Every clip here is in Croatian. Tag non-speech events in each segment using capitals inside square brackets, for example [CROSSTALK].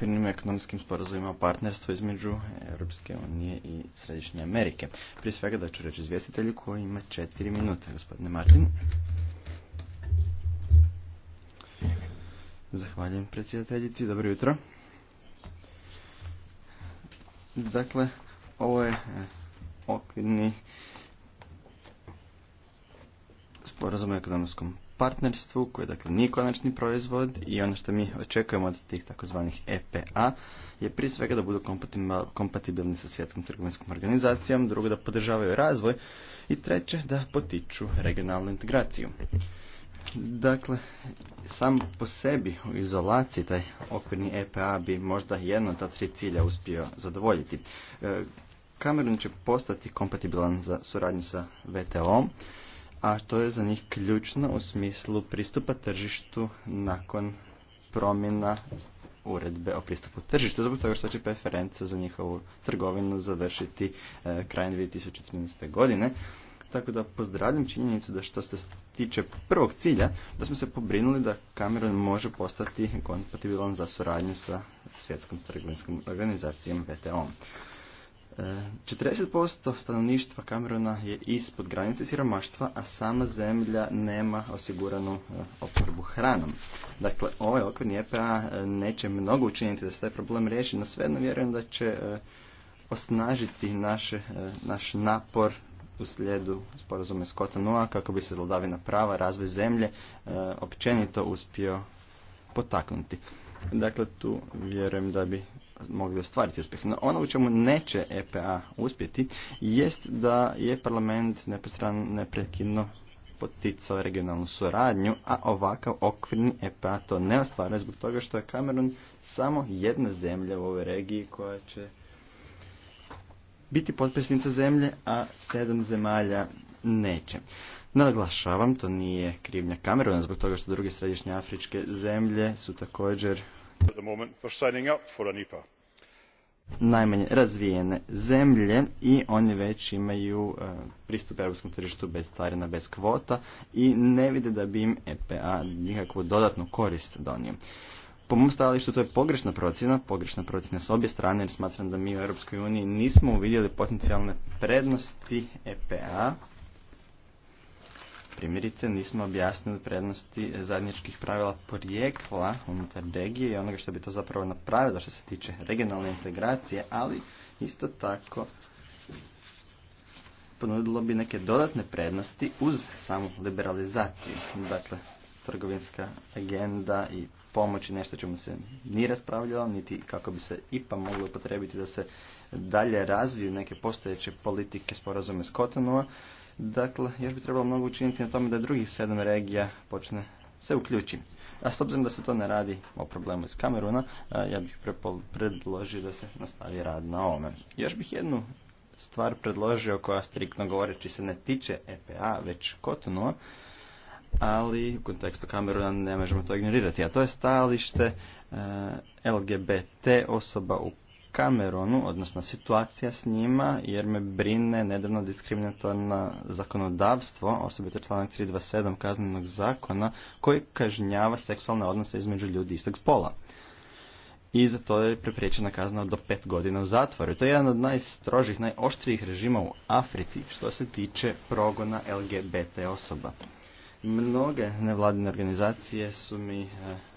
okvirnim ekonomskim sporazumima o partnerstvu između Europske unije i Središnje Amerike. Prije svega da ću reći izvjestitelju koji ima četiri minute, gospodine Martin. Zahvaljujem predsjedateljici, dobro jutro. Dakle, ovo je eh, okvirni sporazum o ekonomskom partnerstvu koje dakle nije konačni proizvod i ono što mi očekujemo od tih takozvanih EPA je prije svega da budu kompatibilni sa svjetskom trgovinskom organizacijom, drugo da podržavaju razvoj i treće da potiču regionalnu integraciju. Dakle, sam po sebi u izolaciji taj okvirni EPA bi možda jedno od ta tri cilja uspio zadovoljiti. Kamerun e, će postati kompatibilan za suradnju sa VTO-om, a to je za njih ključno u smislu pristupa tržištu nakon promjena uredbe o pristupu tržištu, zbog toga što će preferenca za njihovu trgovinu završiti e, krajem 2013. godine. Tako da pozdravljam činjenicu da što se tiče prvog cilja, da smo se pobrinuli da Cameron može postati kompatibilan za suradnju sa svjetskom trgovinskom organizacijom VTO-om. 40% e, stanovništva Kameruna je ispod granice siromaštva, a sama zemlja nema osiguranu e, oporbu hranom. Dakle, ovaj okvir EPA e, neće mnogo učiniti da se taj problem riješi, no svejedno vjerujem da će osnažiti naš napor u slijedu sporazume s Noa kako bi se vladavina prava, razvoj zemlje općenito uspio potaknuti. Dakle, tu vjerujem da bi mogli ostvariti uspjeh. No ono u čemu neće EPA uspjeti jest da je parlament neprekidno poticao regionalnu suradnju, a ovakav okvirni EPA to ne ostvaruje zbog toga što je Kamerun samo jedna zemlja u ovoj regiji koja će biti potpisnica zemlje, a sedam zemalja neće. Naglašavam, to nije krivnja Kameruna zbog toga što druge središnje afričke zemlje su također E najmanje razvijene zemlje i oni već imaju e, pristup europskom tržištu bez carina, bez kvota i ne vide da bi im EPA nikakvu dodatnu korist donio. Po mom stajalištu to je pogrešna procjena, pogrešna procjena s obje strane jer smatram da mi u Europskoj uniji nismo uvidjeli potencijalne prednosti EPA Primjerice, nismo objasnili prednosti zajedničkih pravila porijekla unutar regije i onoga što bi to zapravo napravilo što se tiče regionalne integracije, ali isto tako ponudilo bi neke dodatne prednosti uz samu liberalizaciju. Dakle, trgovinska agenda i pomoć i nešto čemu se nije raspravljalo, niti kako bi se IPA moglo upotrebiti da se dalje razviju neke postojeće politike sporazume s Kotonova, Dakle, još bi trebalo mnogo učiniti na tome da drugih sedam regija počne se uključi. A s obzirom da se to ne radi o problemu iz Kameruna, ja bih predložio da se nastavi rad na ovome. Još bih jednu stvar predložio koja striktno govoreći se ne tiče EPA, već Kotonua, ali u kontekstu Kameruna ne možemo to ignorirati, a to je stajalište LGBT osoba u Kameronu, odnosno situacija s njima, jer me brine nedavno diskriminatorno zakonodavstvo, osobito članak 327 kaznenog zakona, koji kažnjava seksualne odnose između ljudi istog spola. I za to je prepriječena kazna do pet godina u zatvoru. To je jedan od najstrožih, najoštrijih režima u Africi što se tiče progona LGBT osoba. Mnoge nevladine organizacije su mi eh,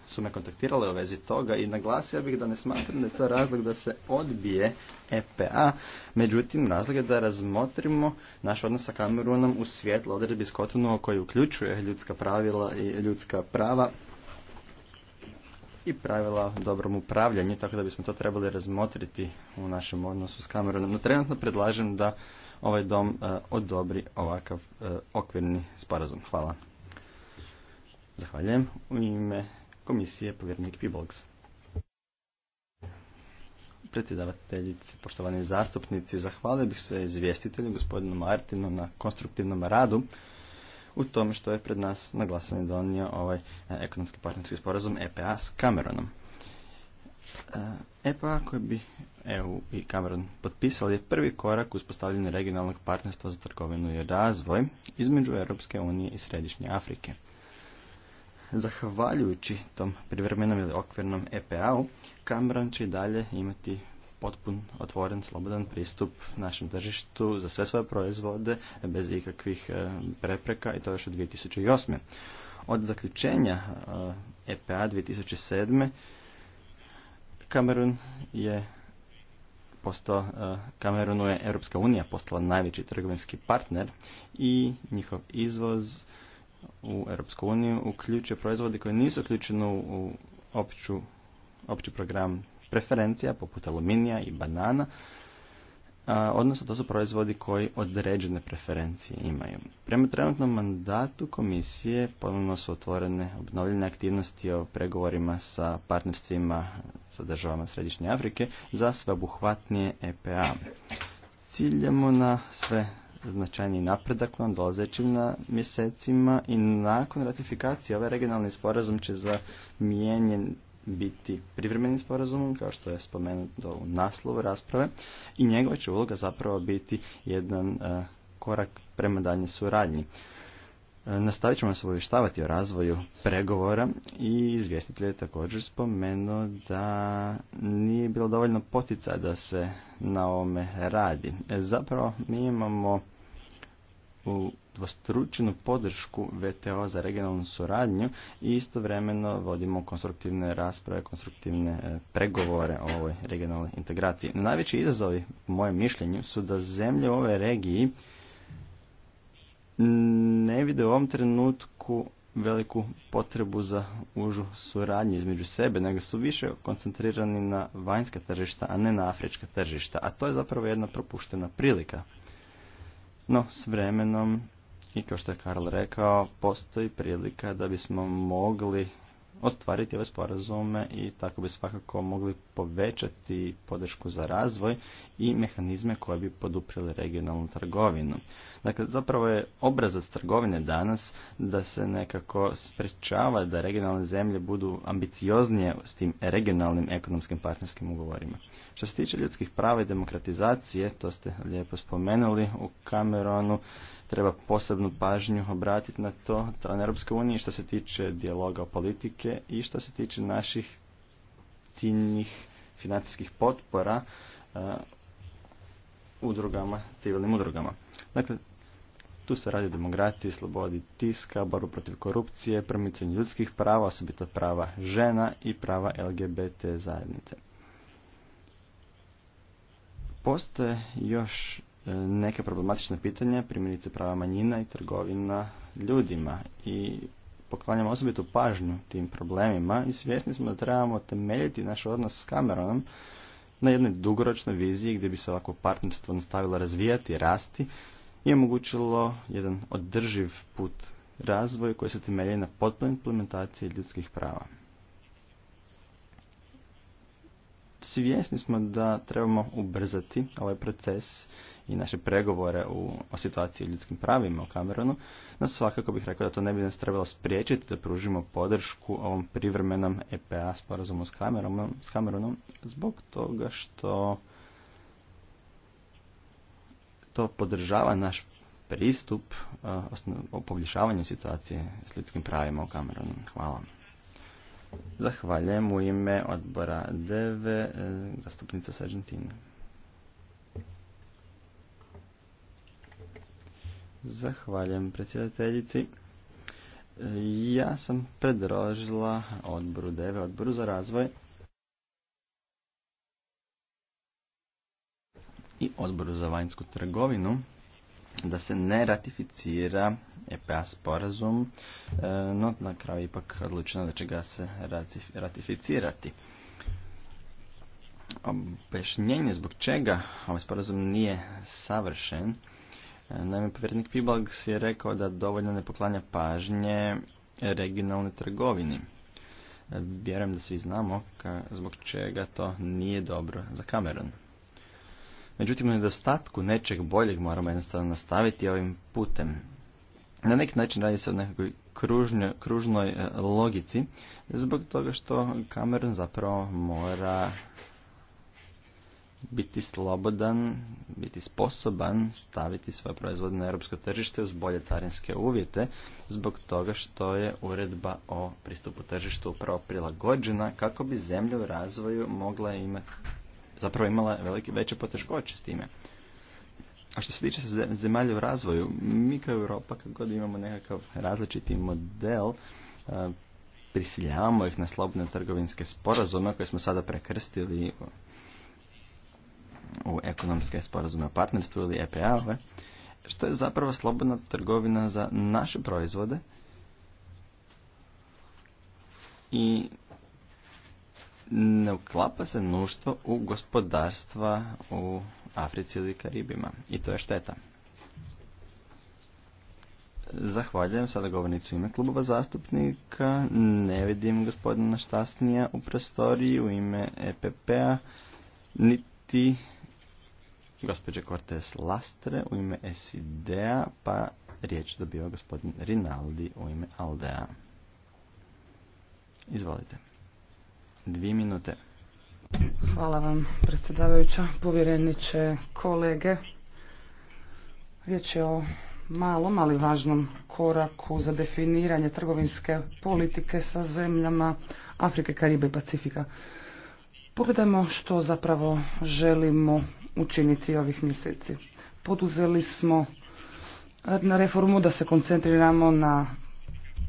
su me kontaktirale u vezi toga i naglasio bih da ne smatram da je to razlog da se odbije EPA, međutim razlog je da razmotrimo naš odnos sa Kamerunom u svjetlo odredbi Skotonova koji uključuje ljudska pravila i ljudska prava i pravila o dobrom upravljanju, tako da bismo to trebali razmotriti u našem odnosu s Kamerunom. No trenutno predlažem da ovaj dom e, odobri ovakav e, okvirni sporazum. Hvala. Zahvaljujem. U ime komisije povjernik Pibolgs. Predsjedavateljice, poštovani zastupnici, zahvalio bih se izvjestitelju gospodinu Martinu na konstruktivnom radu u tome što je pred nas na glasanje donio ovaj e, ekonomski partnerski sporazum EPA s Cameronom. EPA e koji bi EU i Cameron potpisali je prvi korak u uspostavljanju regionalnog partnerstva za trgovinu i razvoj između Europske unije i Središnje Afrike. Zahvaljujući tom privremenom ili okvirnom EPA-u, Cameron će i dalje imati potpun, otvoren, slobodan pristup našem tržištu za sve svoje proizvode bez ikakvih e, prepreka i to još od 2008. Od zaključenja EPA 2007. Kamerun je postao, Kamerunu e, je Europska unija postala najveći trgovinski partner i njihov izvoz u Europsku uniju uključuje proizvodi koji nisu uključeni u opću, opći program preferencija poput aluminija i banana, a, odnosno to su proizvodi koji određene preferencije imaju. Prema trenutnom mandatu komisije ponovno su otvorene obnovljene aktivnosti o pregovorima sa partnerstvima sa državama Središnje Afrike za sveobuhvatnije EPA. Ciljemo na sve značajni napredak u nadolazećim na mjesecima i nakon ratifikacije ovaj regionalni sporazum će zamijenjen biti privremenim sporazumom, kao što je spomenuto u naslovu rasprave, i njegova će uloga zapravo biti jedan e, korak prema daljnjoj suradnji. E, nastavit ćemo se obavještavati o razvoju pregovora i izvjestitelj je također spomenuo da nije bilo dovoljno potica da se na ovome radi. E, zapravo mi imamo u dvostručenu podršku VTO za regionalnu suradnju i istovremeno vodimo konstruktivne rasprave, konstruktivne e, pregovore o ovoj regionalnoj integraciji. Najveći izazovi, po mojem mišljenju, su da zemlje u ovoj regiji ne vide u ovom trenutku veliku potrebu za užu suradnju između sebe, nego su više koncentrirani na vanjska tržišta, a ne na afrička tržišta. A to je zapravo jedna propuštena prilika. No, s vremenom i kao što je Karl rekao, postoji prilika da bismo mogli ostvariti ove sporazume i tako bi svakako mogli povećati podršku za razvoj i mehanizme koje bi poduprili regionalnu trgovinu. Dakle, zapravo je obrazac trgovine danas da se nekako sprečava da regionalne zemlje budu ambicioznije s tim regionalnim ekonomskim partnerskim ugovorima. Što se tiče ljudskih prava i demokratizacije, to ste lijepo spomenuli, u Kameronu treba posebnu pažnju obratiti na to na strane Europske unije što se tiče dijaloga o politike i što se tiče naših ciljnih financijskih potpora e, udrugama, civilnim udrugama. Dakle, tu se radi o demokraciji, slobodi tiska, borbu protiv korupcije, promicanju ljudskih prava, osobito prava žena i prava LGBT zajednice. Postoje još neke problematične pitanja, primjerice prava manjina i trgovina ljudima. I poklanjamo osobitu pažnju tim problemima i svjesni smo da trebamo temeljiti naš odnos s Cameronom na jednoj dugoročnoj viziji gdje bi se ovako partnerstvo nastavilo razvijati, i rasti i omogućilo jedan održiv put razvoju koji se temelji na potpunoj implementaciji ljudskih prava. Svjesni smo da trebamo ubrzati ovaj proces i naše pregovore u, o situaciji u ljudskim pravima u Kamerunu, no svakako bih rekao da to ne bi nas trebalo spriječiti da pružimo podršku ovom privremenom EPA sporazumu s Kamerunom, s Kamerunom zbog toga što to podržava naš pristup o poboljšavanju situacije s ljudskim pravima u Kamerunu. Hvala. Zahvaljujem u ime odbora DV, e, zastupnica s Zahvaljujem predsjedateljici. E, ja sam predložila odboru DEVE, odboru za razvoj i odboru za vanjsku trgovinu da se ne ratificira EPA sporazum, e, no na kraju ipak odlučeno da će ga se ratificirati. Objašnjenje zbog čega ovaj sporazum nije savršen Naime, povjerenik Pibalgs je rekao da dovoljno ne poklanja pažnje regionalne trgovini. Vjerujem da svi znamo ka, zbog čega to nije dobro za Cameron. Međutim, u nedostatku nečeg boljeg moramo jednostavno nastaviti ovim putem. Na neki način radi se o nekoj kružnoj e, logici, zbog toga što Cameron zapravo mora biti slobodan, biti sposoban staviti svoje proizvode na europsko tržište uz bolje carinske uvjete zbog toga što je uredba o pristupu tržištu upravo prilagođena kako bi zemlje u razvoju mogla imati, zapravo imala veće poteškoće s time. A što se tiče zemalja u razvoju, mi kao Europa kako god imamo nekakav različiti model, eh, prisiljavamo ih na slobodne trgovinske sporazume koje smo sada prekrstili u ekonomske sporazume o partnerstvu ili EPA-ove, što je zapravo slobodna trgovina za naše proizvode i ne uklapa se nuštvo u gospodarstva u Africi ili Karibima. I to je šteta. Zahvaljujem sada govornicu ime klubova zastupnika. Ne vidim gospodina Štasnija u prostoriji u ime EPP-a, niti gospođe Cortes Lastre u ime SID-a, pa riječ dobiva gospodin Rinaldi u ime Aldea. Izvolite. Dvije minute. Hvala vam, predsjedavajuća, povjereniče, kolege. Riječ je o malom, ali važnom koraku za definiranje trgovinske politike sa zemljama Afrike, Karibe i Pacifika. Pogledajmo što zapravo želimo učiniti ovih mjeseci. Poduzeli smo eh, na reformu da se koncentriramo na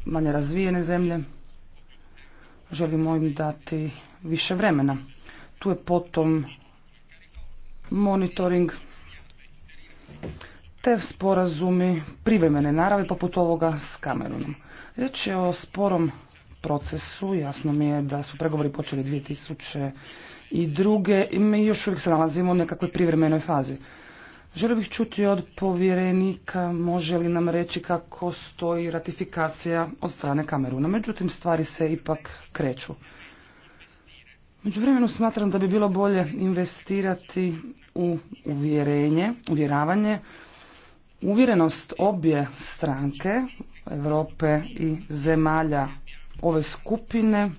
manje razvijene zemlje. Želimo im dati više vremena. Tu je potom monitoring te sporazumi privremene naravi poput ovoga s Kamerunom. Riječ je o sporom procesu. Jasno mi je da su pregovori počeli 2000 i druge, i mi još uvijek se nalazimo u nekakvoj privremenoj fazi. Želio bih čuti od povjerenika može li nam reći kako stoji ratifikacija od strane Kameruna. Međutim, stvari se ipak kreću. vremenu smatram da bi bilo bolje investirati u uvjerenje, uvjeravanje, uvjerenost obje stranke, Europe i zemalja ove skupine,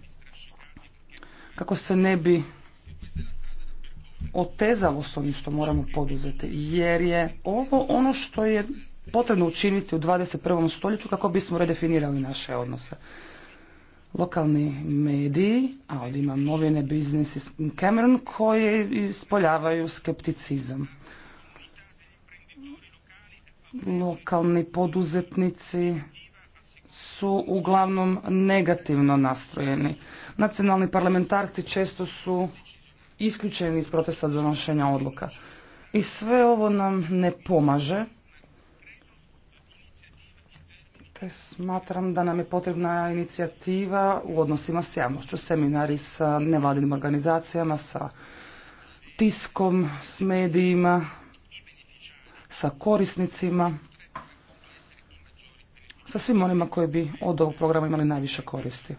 kako se ne bi otezalo s onim što moramo poduzeti, jer je ovo ono što je potrebno učiniti u 21. stoljeću kako bismo redefinirali naše odnose. Lokalni mediji, a ovdje imam novine Business Cameron, koje ispoljavaju skepticizam. Lokalni poduzetnici su uglavnom negativno nastrojeni. Nacionalni parlamentarci često su isključeni iz protesta donošenja odluka. I sve ovo nam ne pomaže, te smatram da nam je potrebna inicijativa u odnosima s javnošću, seminari sa nevladinim organizacijama, sa tiskom, s medijima, sa korisnicima, sa svim onima koji bi od ovog programa imali najviše koristi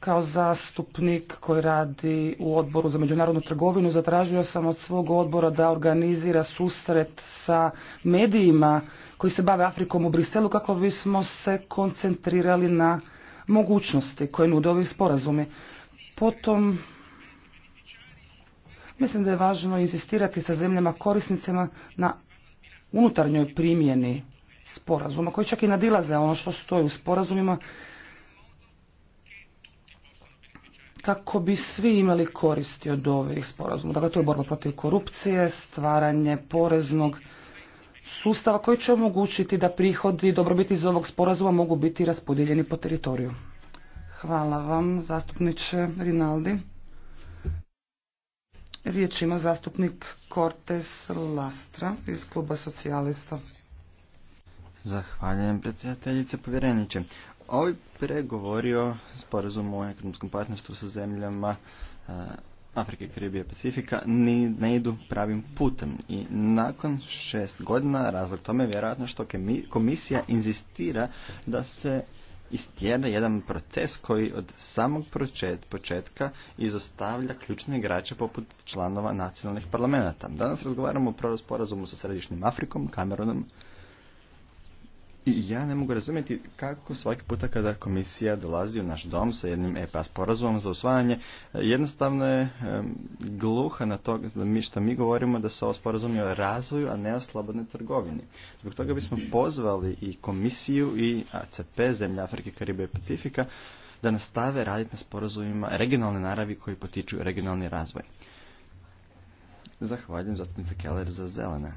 kao zastupnik koji radi u odboru za međunarodnu trgovinu zatražio sam od svog odbora da organizira susret sa medijima koji se bave Afrikom u Briselu kako bismo se koncentrirali na mogućnosti koje nude ovi sporazumi. Potom mislim da je važno insistirati sa zemljama korisnicima na unutarnjoj primjeni sporazuma koji čak i nadilaze ono što stoji u sporazumima kako bi svi imali koristi od ovih sporazuma. Dakle, to je borba protiv korupcije, stvaranje poreznog sustava koji će omogućiti da prihodi i dobrobiti iz ovog sporazuma mogu biti raspodijeljeni po teritoriju. Hvala vam, zastupniče Rinaldi. Riječ ima zastupnik Cortes Lastra iz kluba socijalista. Zahvaljujem predsjedateljice povjereniče. Ovaj pregovorio o sporazumu o ekonomskom partnerstvu sa zemljama e, Afrike, i Pacifika ne idu pravim putem. I nakon šest godina razlog tome je vjerojatno što komisija inzistira da se istjera jedan proces koji od samog početka izostavlja ključne igrače poput članova nacionalnih parlamenta. Danas razgovaramo o sporazumu sa Središnjim Afrikom, Kamerunom, i ja ne mogu razumjeti kako svaki puta kada komisija dolazi u naš dom sa jednim EPA sporazumom za usvajanje, jednostavno je gluha na to što mi govorimo da se ovo sporazumi o razvoju, a ne o slobodnoj trgovini. Zbog toga bismo pozvali i komisiju i ACP, zemlje Afrike, Karibe i Pacifika, da nastave raditi na sporazumima regionalne naravi koji potiču regionalni razvoj. Zahvaljujem zastupnice Keller za zelene.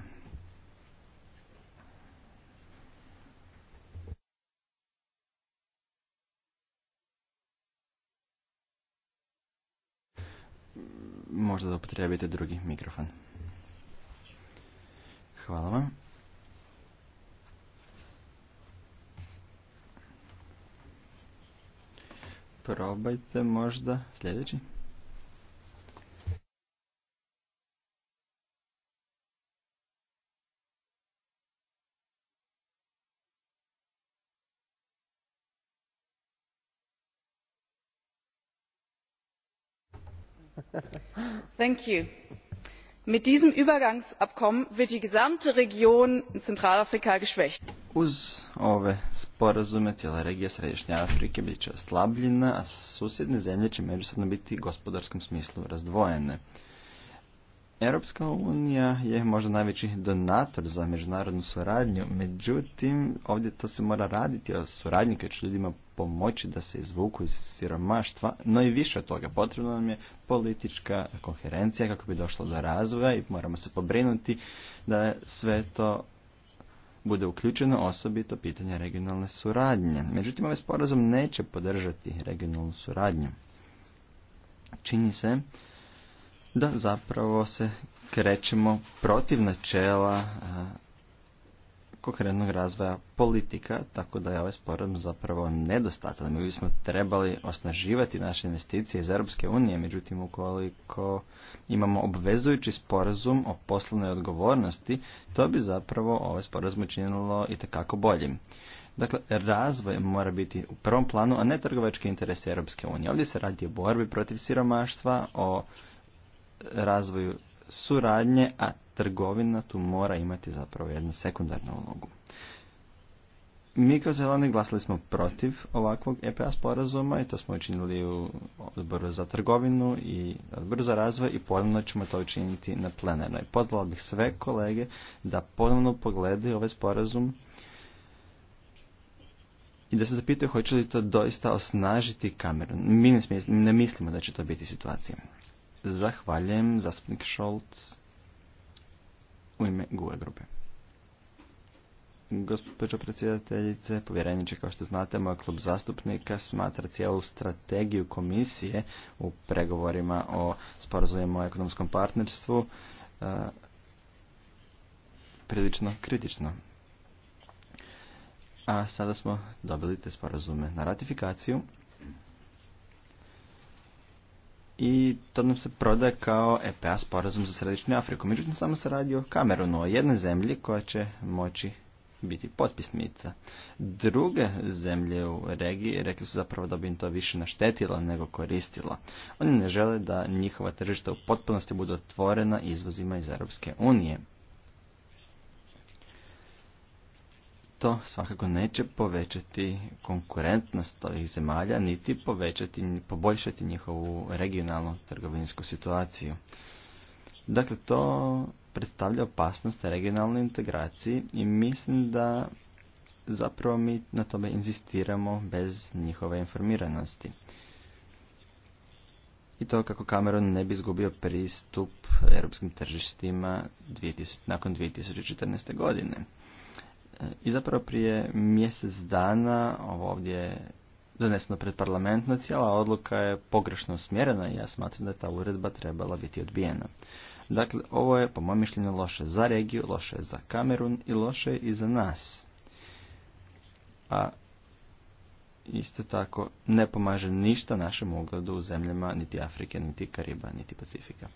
možda da upotrijebite drugi mikrofon. Hvala vam. Probajte možda sljedeći. mit diesem übergangsabkommen wird die gesamte region in zentralafrika geschwächt. uz ove sporazume cijela regija središnje afrike bit će oslabljena a susjedne zemlje će međusobno biti u gospodarskom smislu razdvojene. Europska unija je možda najveći donator za međunarodnu suradnju, međutim ovdje to se mora raditi o suradnji koji će ljudima pomoći da se izvuku iz siromaštva, no i više od toga potrebna nam je politička koherencija kako bi došlo do razvoja i moramo se pobrinuti da sve to bude uključeno osobito pitanje regionalne suradnje. Međutim, ovaj sporazum neće podržati regionalnu suradnju. Čini se da zapravo se krećemo protiv načela e, konkretnog razvoja politika, tako da je ovaj sporazum zapravo nedostatan. Mi bismo trebali osnaživati naše investicije iz Europske unije, međutim ukoliko imamo obvezujući sporazum o poslovnoj odgovornosti, to bi zapravo ovaj sporazum učinilo i takako boljim. Dakle, razvoj mora biti u prvom planu, a ne trgovački interes Europske unije. Ovdje se radi o borbi protiv siromaštva, o razvoju suradnje, a trgovina tu mora imati zapravo jednu sekundarnu ulogu. Mi kao zeleni glasali smo protiv ovakvog EPA sporazuma i to smo učinili u odboru za trgovinu i odboru za razvoj i ponovno ćemo to učiniti na plenarnoj. Pozvala bih sve kolege da ponovno pogledaju ovaj sporazum i da se zapitaju hoće li to doista osnažiti kameru. Mi ne mislimo da će to biti situacija. Zahvaljujem, zastupnik Šolc, u ime GUE grupe. Gospođo predsjedateljice, povjereniče, kao što znate, moj klub zastupnika smatra cijelu strategiju komisije u pregovorima o sporazumima o ekonomskom partnerstvu e, prilično kritično. A sada smo dobili te sporazume na ratifikaciju i to nam se prodaje kao EPA sporazum za Središnju Afriku. Međutim, samo se radi o Kamerunu, o jednoj zemlji koja će moći biti potpisnica. Druge zemlje u regiji rekli su zapravo da bi im to više naštetilo nego koristilo. Oni ne žele da njihova tržišta u potpunosti budu otvorena izvozima iz Europske unije. to svakako neće povećati konkurentnost ovih zemalja, niti povećati, poboljšati njihovu regionalnu trgovinsku situaciju. Dakle, to predstavlja opasnost regionalnoj integraciji i mislim da zapravo mi na tome inzistiramo bez njihove informiranosti. I to kako Cameron ne bi izgubio pristup europskim tržištima 2000, nakon 2014. godine. I zapravo prije mjesec dana ovo ovdje je doneseno pred parlamentno, cijela odluka je pogrešno smjerena i ja smatram da je ta uredba trebala biti odbijena. Dakle, ovo je po mojem mišljenju loše za regiju, loše za Kamerun i loše i za nas. A isto tako ne pomaže ništa našem ugledu u zemljama niti Afrike, niti Kariba, niti Pacifika.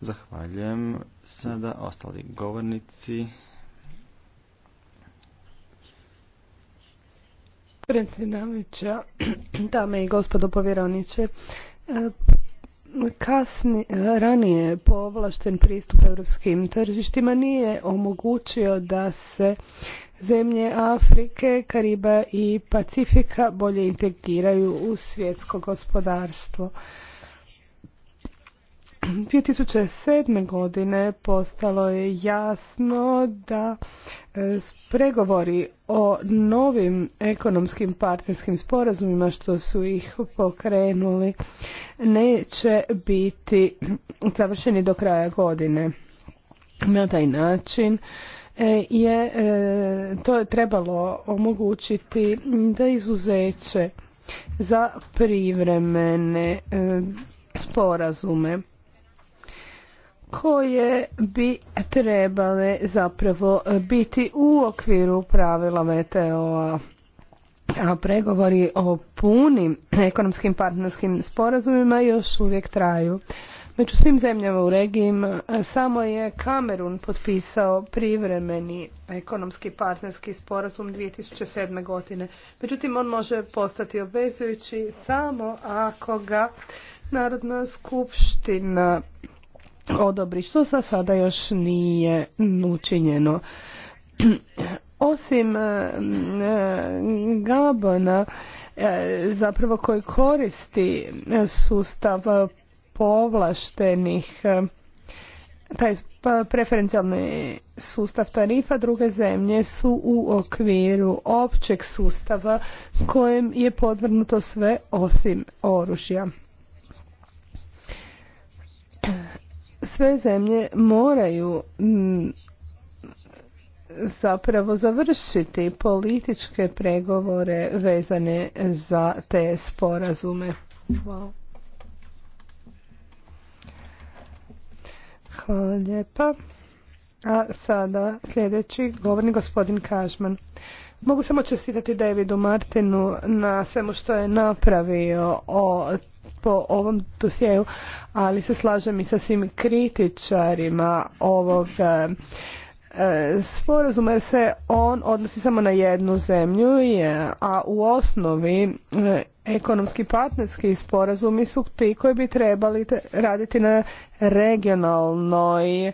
Zahvaljujem. Sada ostali govornici. Predsjedavajuća, [CLEARS THROAT] dame i gospodo povjereniče e, kasni, e, ranije povlašten pristup europskim tržištima nije omogućio da se zemlje Afrike, Kariba i Pacifika bolje integriraju u svjetsko gospodarstvo. 2007. [CLEARS THROAT] godine postalo je jasno da e, pregovori o novim ekonomskim partnerskim sporazumima što su ih pokrenuli neće biti [CLEARS THROAT] završeni do kraja godine. Na taj način e, je e, to je trebalo omogućiti da izuzeće za privremene sporazume koje bi trebale zapravo biti u okviru pravila VTO-a. pregovori o punim ekonomskim partnerskim sporazumima još uvijek traju. Među svim zemljama u regiji samo je Kamerun potpisao privremeni ekonomski partnerski sporazum 2007. godine. Međutim, on može postati obvezujući samo ako ga Narodna skupština odobri, što sa sada još nije učinjeno. [CLEARS THROAT] Osim e, e, Gabona, e, zapravo koji koristi sustav povlaštenih taj pa, preferencijalni sustav tarifa druge zemlje su u okviru općeg sustava s kojem je podvrnuto sve osim oružja. sve zemlje moraju mm, zapravo završiti političke pregovore vezane za te sporazume. Hvala. lijepa. A sada sljedeći govorni gospodin Kažman. Mogu samo čestitati Davidu Martinu na svemu što je napravio o po ovom dosjeju, ali se slažem i sa svim kritičarima ovog e, e, sporazuma jer se on odnosi samo na jednu zemlju, a u osnovi e, ekonomski partnerski sporazumi su ti koji bi trebali raditi na regionalnoj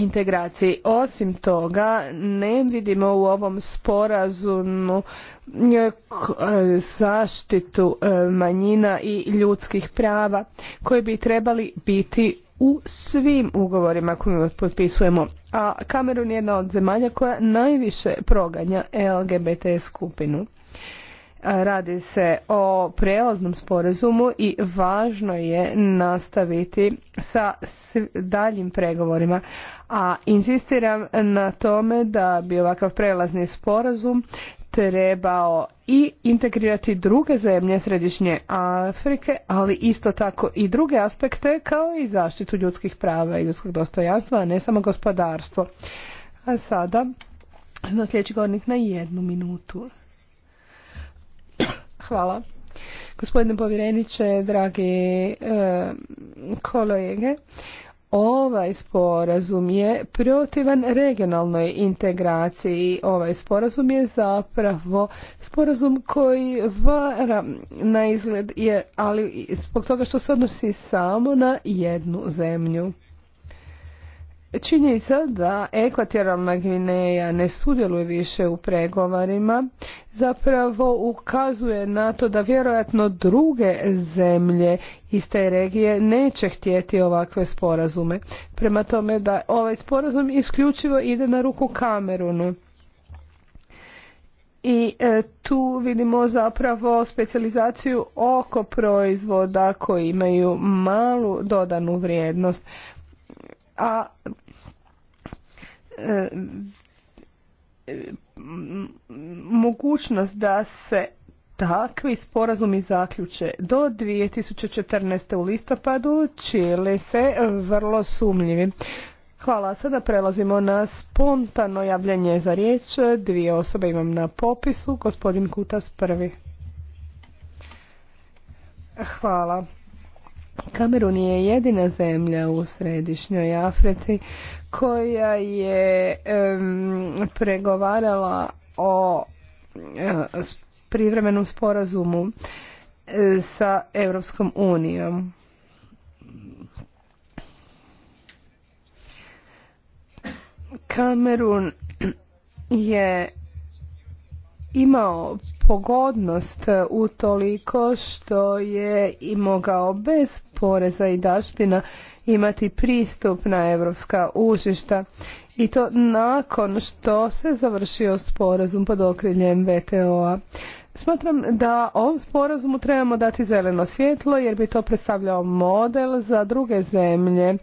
integraciji. Osim toga, ne vidimo u ovom sporazumu e, e, zaštitu e, manjina i ljudskih prava koji bi trebali biti u svim ugovorima koje potpisujemo. A Kamerun je jedna od zemalja koja najviše proganja LGBT skupinu. Radi se o prelaznom sporazumu i važno je nastaviti sa daljim pregovorima. A insistiram na tome da bi ovakav prelazni sporazum trebao i integrirati druge zemlje Središnje Afrike, ali isto tako i druge aspekte kao i zaštitu ljudskih prava i ljudskog dostojanstva, a ne samo gospodarstvo. A sada na sljedeći na jednu minutu. Hvala. Gospodine povjereniče, dragi e, kolege, ovaj sporazum je protivan regionalnoj integraciji. Ovaj sporazum je zapravo sporazum koji vara na izgled, je, ali zbog toga što se odnosi samo na jednu zemlju. Činjenica da ekvatoralna Gvineja ne sudjeluje više u pregovarima zapravo ukazuje na to da vjerojatno druge zemlje iz te regije neće htjeti ovakve sporazume. Prema tome da ovaj sporazum isključivo ide na ruku Kamerunu. I e, tu vidimo zapravo specijalizaciju oko proizvoda koji imaju malu dodanu vrijednost a mogućnost da se takvi sporazumi zaključe do 2014. u listopadu čili se vrlo sumljivi. Hvala, sada prelazimo na spontano javljanje za riječ. Dvije osobe imam na popisu, gospodin Kutas prvi. Hvala. Kamerun je jedina zemlja u središnjoj Africi koja je pregovarala o eh, privremenom sporazumu eh, sa Europskom unijom. Kamerun je imao pogodnost utoliko što je i mogao bez poreza i dašpina imati pristup na europska užišta i to nakon što se završio sporazum pod okriljem VTO-a. Smatram da ovom sporazumu trebamo dati zeleno svjetlo jer bi to predstavljao model za druge zemlje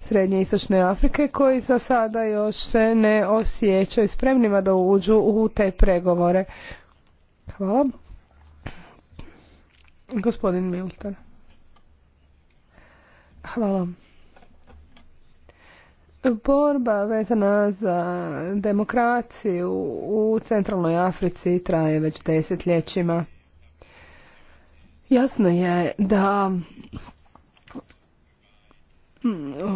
Srednje i Istočne Afrike koji za sada još se ne osjećaju spremnima da uđu u te pregovore. Hvala. Gospodin Milton. Hvala. Borba vezana za demokraciju u centralnoj Africi traje već desetljećima. Jasno je da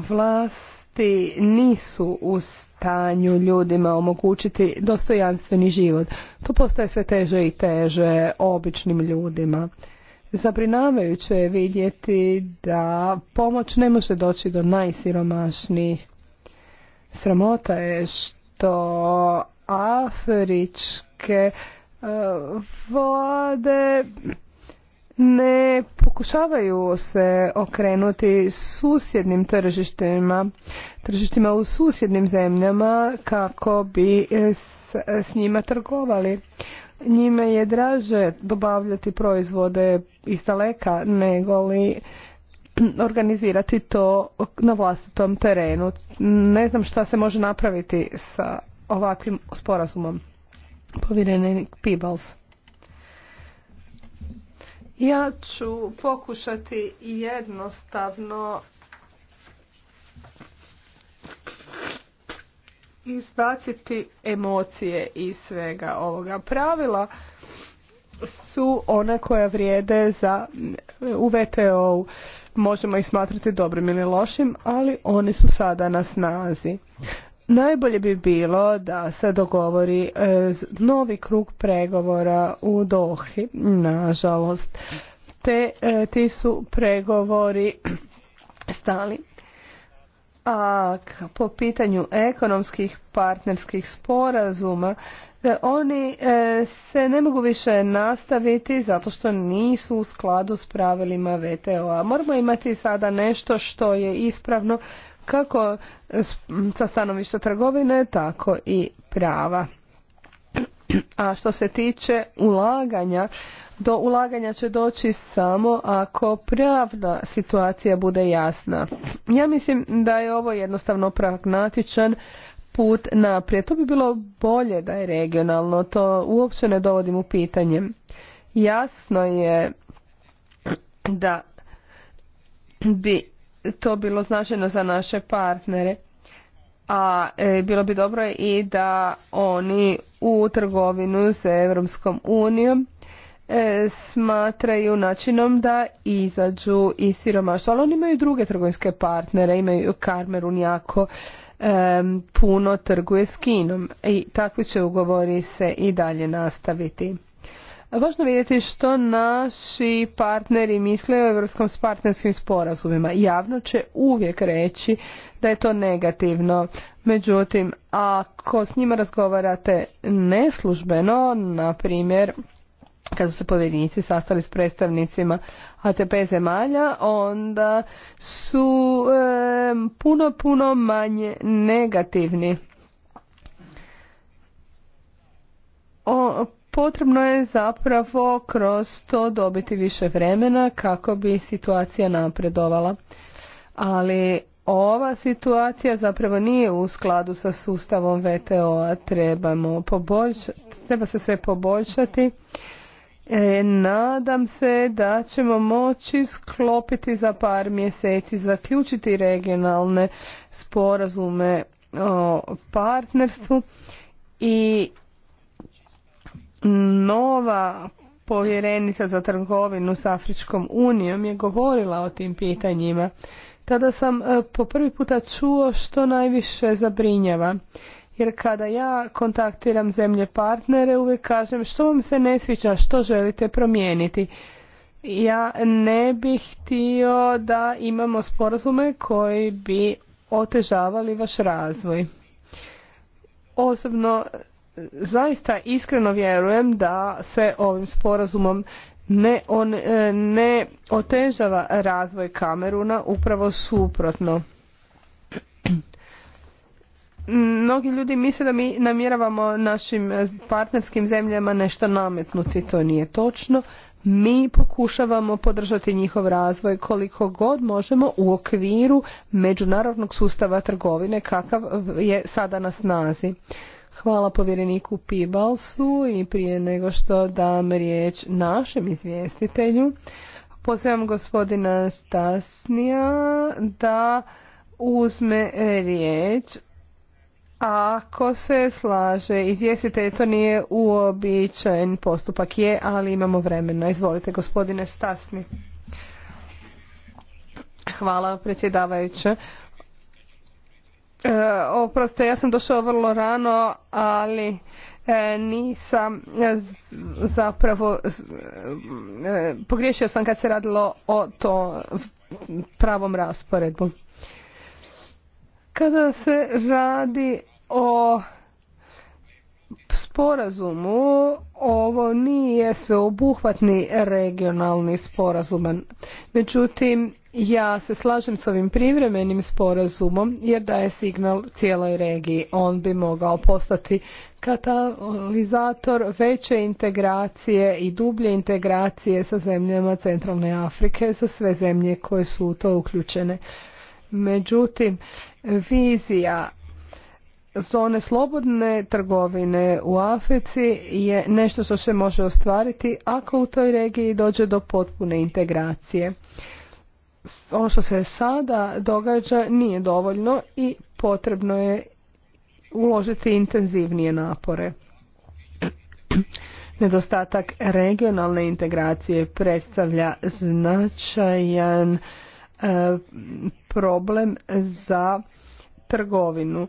vlasti nisu u stanju ljudima omogućiti dostojanstveni život. To postaje sve teže i teže običnim ljudima. Zabrinavajuće je vidjeti da pomoć ne može doći do najsiromašnijih. Sramota je što afričke e, vlade ne pokušavaju se okrenuti susjednim tržištima, tržištima u susjednim zemljama kako bi s njima trgovali njime je draže dobavljati proizvode iz daleka nego li organizirati to na vlastitom terenu. Ne znam šta se može napraviti sa ovakvim sporazumom. Povjerenik Pibals. Ja ću pokušati jednostavno izbaciti emocije iz svega ovoga pravila su one koja vrijede za u VTO-u. Možemo ih smatrati dobrim ili lošim, ali oni su sada na snazi. Najbolje bi bilo da se dogovori e, novi krug pregovora u Dohi, nažalost. Te, e, ti su pregovori stali a po pitanju ekonomskih partnerskih sporazuma, e, oni e, se ne mogu više nastaviti zato što nisu u skladu s pravilima VTO-a. Moramo imati sada nešto što je ispravno kako sa stanovišta trgovine, tako i prava. A što se tiče ulaganja, do ulaganja će doći samo ako pravna situacija bude jasna. Ja mislim da je ovo jednostavno pragmatičan put naprijed. To bi bilo bolje da je regionalno, to uopće ne dovodim u pitanje. Jasno je da bi to bilo značajno za naše partnere a e, bilo bi dobro i da oni u trgovinu s Europskom unijom e, smatraju načinom da izađu iz siromaštva, ali oni imaju druge trgovinske partnere, imaju Karmerun jako e, puno trguje s Kinom i takvi će ugovori se i dalje nastaviti. Važno vidjeti što naši partneri misle o europskom partnerskim sporazumima. Javno će uvijek reći da je to negativno. Međutim, ako s njima razgovarate neslužbeno, na primjer, kad su se povjednici sastali s predstavnicima ATP zemalja, onda su puno, puno manje negativni. potrebno je zapravo kroz to dobiti više vremena kako bi situacija napredovala. Ali ova situacija zapravo nije u skladu sa sustavom VTO-a, treba se sve poboljšati. E, nadam se da ćemo moći sklopiti za par mjeseci, zaključiti regionalne sporazume o partnerstvu i nova povjerenica za trgovinu s Afričkom unijom je govorila o tim pitanjima. Tada sam e, po prvi puta čuo što najviše zabrinjava. Jer kada ja kontaktiram zemlje partnere uvijek kažem što vam se ne sviđa, što želite promijeniti. Ja ne bih htio da imamo sporazume koji bi otežavali vaš razvoj. Osobno zaista iskreno vjerujem da se ovim sporazumom ne, e, ne otežava razvoj Kameruna, upravo suprotno. Mnogi ljudi misle da mi namjeravamo našim partnerskim zemljama nešto nametnuti, to nije točno. Mi pokušavamo podržati njihov razvoj koliko god možemo u okviru međunarodnog sustava trgovine kakav je sada na snazi. Hvala povjereniku Pibalsu i prije nego što dam riječ našem izvjestitelju, pozivam gospodina Stasnija da uzme riječ ako se slaže izvjestitelj, to nije uobičajen postupak je, ali imamo vremena. Izvolite gospodine Stasni. Hvala predsjedavajuće. E, oprostite ja sam došao vrlo rano, ali e, nisam e, zapravo pogriješio sam kad se radilo o to pravom rasporedbu. Kada se radi o sporazumu ovo nije sveobuhvatni regionalni sporazum. Međutim, ja se slažem s ovim privremenim sporazumom jer daje signal cijeloj regiji. On bi mogao postati katalizator veće integracije i dublje integracije sa zemljama Centralne Afrike, za sve zemlje koje su u to uključene. Međutim, vizija zone slobodne trgovine u Africi je nešto što se može ostvariti ako u toj regiji dođe do potpune integracije ono što se sada događa nije dovoljno i potrebno je uložiti intenzivnije napore. [CLEARS THROAT] Nedostatak regionalne integracije predstavlja značajan e, problem za trgovinu.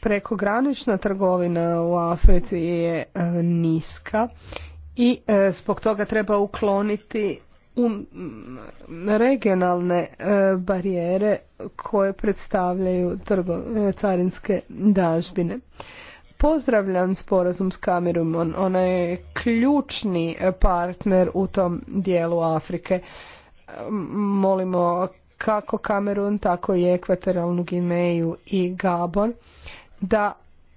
Prekogranična trgovina u Africi je e, niska i e, zbog toga treba ukloniti regionalne e, barijere koje predstavljaju e, carinske dažbine. Pozdravljam sporazum s Kamerunom. ona je ključni partner u tom dijelu Afrike. Molimo kako Kamerun, tako i Ekvatoralnu Gineju i Gabon da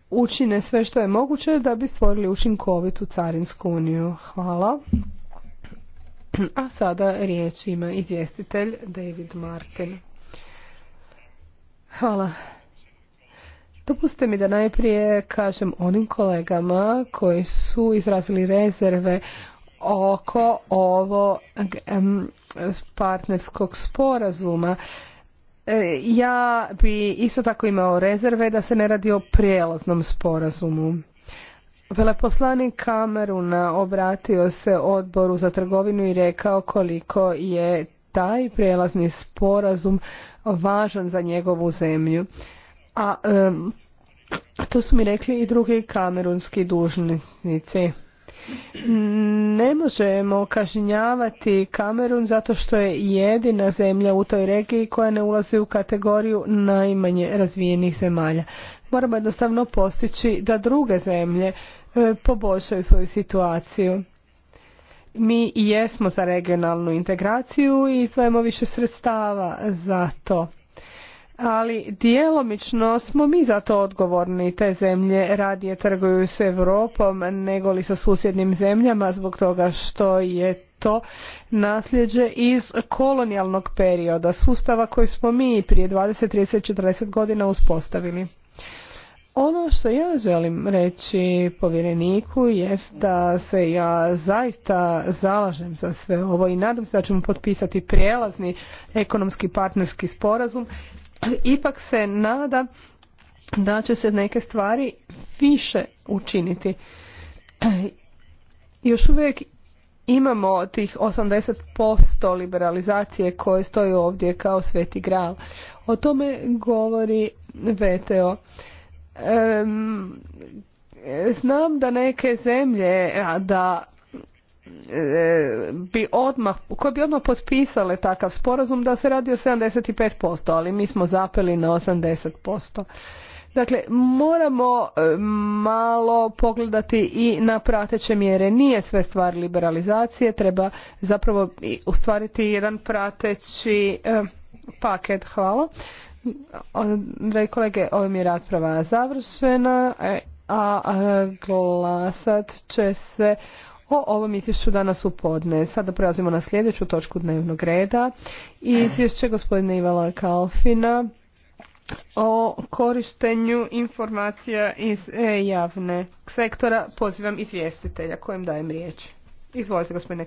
učine sve što je moguće da bi stvorili učinkovitu carinsku uniju. Hvala. A sada riječ ima izvjestitelj David Martin. Hvala. Dopustite mi da najprije kažem onim kolegama koji su izrazili rezerve oko ovo partnerskog sporazuma. E, ja bi isto tako imao rezerve da se ne radi o prijelaznom sporazumu. Veleposlanik Kameruna obratio se odboru za trgovinu i rekao koliko je taj prijelazni sporazum važan za njegovu zemlju. A to su mi rekli i drugi kamerunski dužnici. Ne možemo kažnjavati Kamerun zato što je jedina zemlja u toj regiji koja ne ulazi u kategoriju najmanje razvijenih zemalja moramo jednostavno postići da druge zemlje e, poboljšaju svoju situaciju. Mi i jesmo za regionalnu integraciju i izdvajamo više sredstava za to. Ali djelomično smo mi za to odgovorni. Te zemlje radije trguju s Europom nego li sa susjednim zemljama zbog toga što je to nasljeđe iz kolonijalnog perioda, sustava koji smo mi prije 20, 30, 40 godina uspostavili. Ono što ja želim reći povjereniku jest da se ja zaista zalažem za sve ovo i nadam se da ćemo potpisati prijelazni ekonomski partnerski sporazum. Ipak se nada da će se neke stvari više učiniti. Još uvijek imamo tih 80% liberalizacije koje stoju ovdje kao sveti gral. O tome govori VTO znam da neke zemlje da e, bi odmah, koje bi odmah potpisale takav sporazum da se radi o 75%, ali mi smo zapeli na 80%. Dakle, moramo e, malo pogledati i na prateće mjere. Nije sve stvar liberalizacije, treba zapravo ustvariti jedan prateći e, paket. Hvala. Dragi kolege, ovim je rasprava završena, e, a glasat će se o ovom izvješću danas u podne. Sada prelazimo na sljedeću točku dnevnog reda. Izvješće gospodine Ivala Kalfina o korištenju informacija iz javne sektora. Pozivam izvjestitelja kojem dajem riječ. Izvolite gospodine